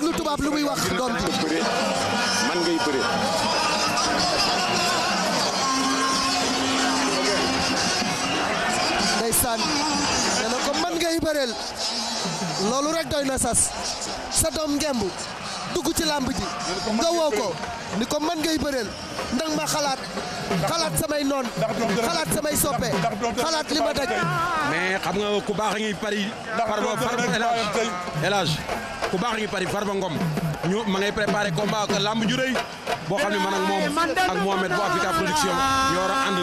déglu tubaab lu muy wax doom bi man ngay bëre ndeysaan nee na ko man ngay bëreel loolu rek doy na sas sa doom ngemb dugg ci làmb ji nga woo ko ni ko man ngay bëreel ndax ma xalaat xalaat samay noon xalaat samay soppe xalaat li ma daj mais xam nga ku baax a ngi pari par par élage ku baax ngi pari Farba Ngom ñu ma ngay préparé combat ak lamb ju rëy boo xam ne man ak moom ak Mohamed bu Africa production ñoo war a ànd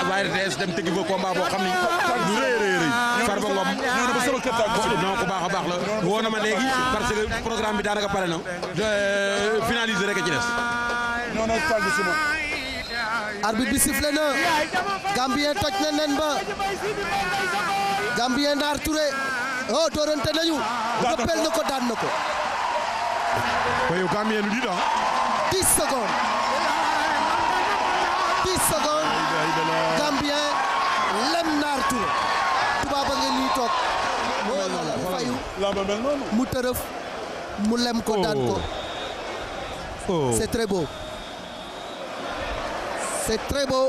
ak waa RTS dem tëggi fa combat boo xam ne du rëy rëy rëy Farba Ngom non ku baax a baax la woo ma léegi parce que programme bi daanaka pare na euh, finaliser rek ci des non non fal bi suma arbitre bi sifflé na Gambien toj na nen ba Gambien Ndar Touré oh doorante nañu. rëppel na ko daan na ko. mais yow Gambien Lem Naar Touré. tubaab a ngeen ñuy toog. Oh, mu tërëf mu lem ko daan ko. Oh. Oh. c'est très beau. c'est très beau.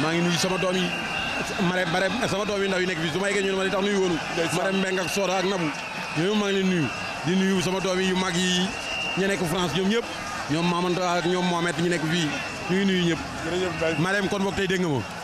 maa ngi nuyu sama doom yi mare mare sama doom yi ndaw yi nekk fii su ma yeggee ñu ne ma li tax nuyu woonu mare mbeng ak soora ak nabu ñoom maa ngi leen nuyu di nuyu sama doom yi yu mag yi ñu nekk France ñoom ñëpp ñoom Mamadou ak ñoom Mohamed ñu nekk fii ñu ngi nuyu ñëpp Marème kon boog tey dégg nga ma